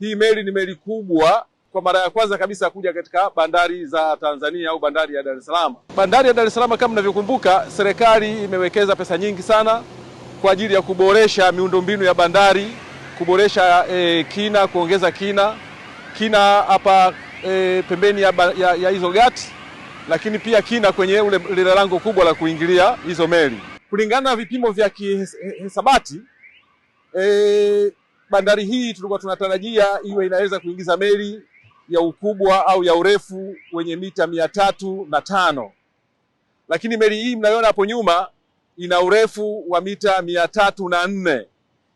Hii meli ni meli kubwa kwa mara ya kwanza kabisa kuja katika bandari za Tanzania au bandari ya Dar es Salaam. Bandari ya Dar es Salaam kama mnavyokumbuka, serikali imewekeza pesa nyingi sana kwa ajili ya kuboresha miundombinu ya bandari, kuboresha eh, kina, kuongeza kina kina hapa eh, pembeni ya, ya, ya hizo gati, lakini pia kina kwenye ule lile lango kubwa la kuingilia hizo meli kulingana na vipimo vya kihesabati eh, bandari hii tulikuwa tunatarajia iwe inaweza kuingiza meli ya ukubwa au ya urefu wenye mita mia tatu na tano lakini meli hii mnayoona hapo nyuma ina urefu wa mita mia tatu na nne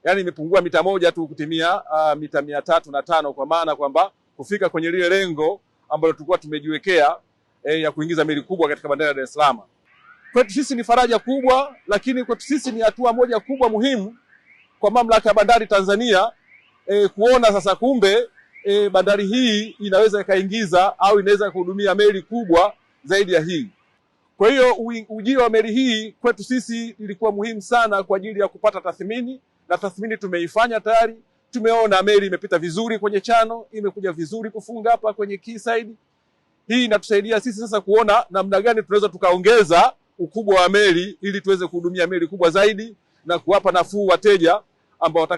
yaani imepungua mita moja tu kutimia uh, mita mia tatu na tano kwa maana kwamba kufika kwenye lile lengo ambalo tulikuwa tumejiwekea eh, ya kuingiza meli kubwa katika bandari ya Dar es Salaam. Kwetu sisi ni faraja kubwa, lakini kwetu sisi ni hatua moja kubwa muhimu kwa mamlaka ya bandari Tanzania e, kuona sasa kumbe e, bandari hii inaweza ikaingiza au inaweza kuhudumia meli kubwa zaidi ya hii. Kwa hiyo ujio wa meli hii kwetu sisi ilikuwa muhimu sana kwa ajili ya kupata tathmini, na tathmini tumeifanya tayari. Tumeona meli imepita vizuri kwenye chano, imekuja vizuri kufunga hapa kwenye quayside. Hii inatusaidia sisi sasa kuona namna gani tunaweza tukaongeza ukubwa wa meli ili tuweze kuhudumia meli kubwa zaidi na kuwapa nafuu wateja ambao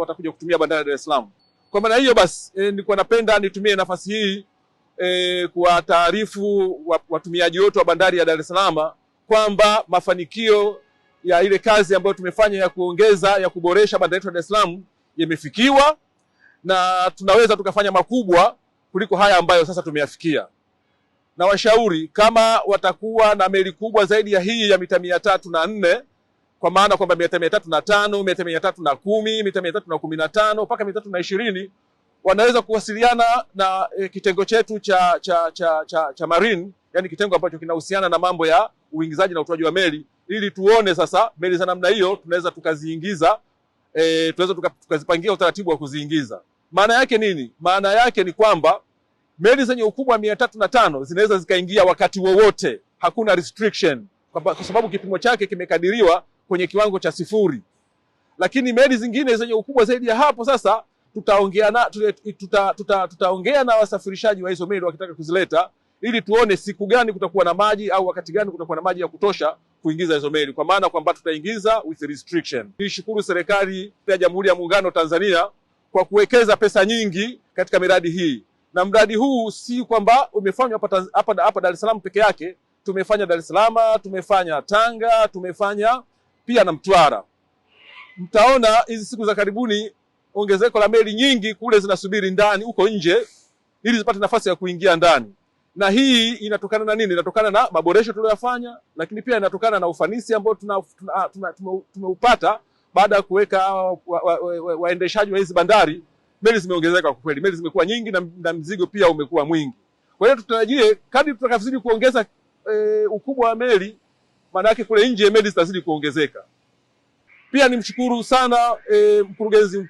watakuja kutumia bandari ya Dar es Salaam. Kwa maana hiyo basi, e, nilikuwa napenda nitumie nafasi hii e, kuwataarifu watumiaji wote wa bandari ya Dar es Salaam kwamba mafanikio ya ile kazi ambayo tumefanya ya kuongeza ya kuboresha bandari yetu ya Dar es Salaam yamefikiwa na tunaweza tukafanya makubwa kuliko haya ambayo sasa tumeyafikia. Na washauri kama watakuwa na meli kubwa zaidi ya hii ya mita mia tatu na nne kwa maana kwamba mita mia tatu na tano mita mia tatu na kumi mita mia tatu na kumi na tano mpaka mia tatu na ishirini wanaweza kuwasiliana na e, kitengo chetu cha, cha, cha, cha, cha marine, yani kitengo ambacho kinahusiana na mambo ya uingizaji na utoaji wa meli, ili tuone sasa meli za namna hiyo tunaweza tukaziingiza e, tunaweza tukazipangia utaratibu wa kuziingiza. Maana yake nini? Maana yake ni kwamba meli zenye ukubwa wa mia tatu na tano zinaweza zikaingia wakati wowote, hakuna restriction, kwa sababu kipimo chake kimekadiriwa kwenye kiwango cha sifuri, lakini meli zingine zenye ukubwa zaidi ya hapo sasa tutaongea na tuta, tuta, tutaongea na wasafirishaji wa hizo meli wakitaka kuzileta ili tuone siku gani kutakuwa na maji au wakati gani kutakuwa na maji ya kutosha kuingiza hizo meli, kwa maana kwamba tutaingiza with restriction. Nishukuru serikali ya Jamhuri ya Muungano wa Tanzania kwa kuwekeza pesa nyingi katika miradi hii, na mradi huu si kwamba umefanywa hapa hapa hapa Dar es Salaam peke yake. Tumefanya Dar es Salaam, tumefanya Tanga, tumefanya pia na Mtwara. Mtaona hizi siku za karibuni ongezeko la meli nyingi kule zinasubiri ndani huko nje ili zipate nafasi ya kuingia ndani. Na hii inatokana na nini? Inatokana na maboresho tuliyoyafanya, lakini pia inatokana na ufanisi ambao tumeupata tuna, tuna, tuna, tuna baada ya kuweka waendeshaji wa, wa, wa, wa hizi bandari. Meli zimeongezeka kwa kweli, meli zimekuwa nyingi na, na mzigo pia umekuwa mwingi. Kwa hiyo tutarajie kadri tutakavyozidi kuongeza e, ukubwa wa meli maana yake kule nje meli zitazidi kuongezeka. Pia nimshukuru sana e, mkurugenzi mkuu